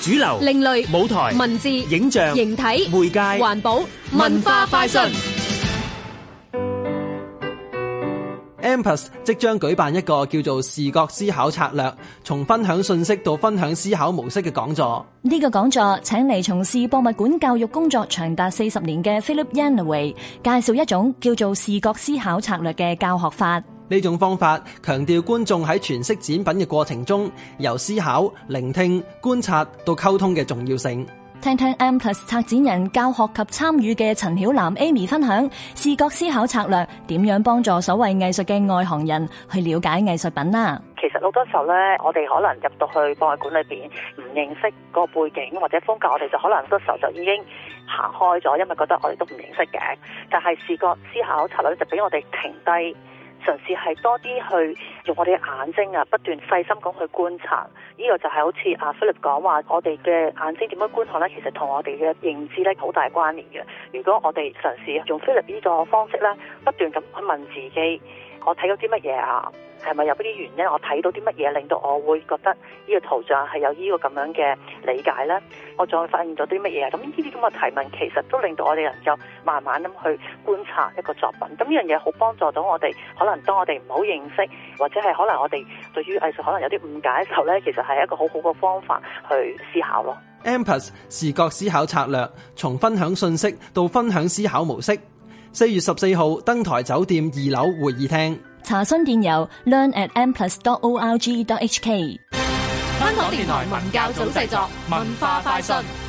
主流、另類舞台、文字、影像、形體、媒介、環保、文化快訊。Amperse 即將舉辦一個叫做視覺思考策略，從分享信息到分享思考模式嘅講座。呢個講座請嚟從事博物館教育工作長達四十年嘅 Philip Yenawine 介紹一種叫做視覺思考策略嘅教學法。呢種方法強調觀眾喺詮釋展品嘅過程中，由思考、聆聽、觀察到溝通嘅重要性。聽聽 M Plus 策展人教學及參與嘅陳曉南 Amy 分享視覺思考策略，點樣幫助所謂藝術嘅外行人去了解藝術品啦？其實好多時候咧，我哋可能入到去博物館裏邊唔認識個背景或者風格，我哋就可能好多時候就已經行開咗，因為覺得我哋都唔認識嘅。但係視覺思考策略就俾我哋停低。嘗試係多啲去用我哋嘅眼睛啊，不斷細心咁去觀察，呢個就係好似阿 Philip 講話，我哋嘅眼睛點樣觀看呢？其實同我哋嘅認知呢，好大關聯嘅。如果我哋嘗試用 Philip 呢個方式呢，不斷咁去問自己，我睇到啲乜嘢啊？係咪有啲原因？我睇到啲乜嘢令到我會覺得呢個圖像係有呢個咁樣嘅理解呢？我仲發現咗啲乜嘢啊？咁呢啲咁嘅提問其實都令到我哋能夠慢慢咁去觀察一個作品。咁呢樣嘢好幫助到我哋。可能當我哋唔好認識，或者係可能我哋對於藝術可能有啲誤解嘅時候呢，其實係一個好好嘅方法去思考咯。e m p u s 視覺思考策略，從分享信息到分享思考模式。四月十四號，登台酒店二樓會議廳。查詢電郵 learn@mplus.org.hk 香港電台文教組製作，文化快訊。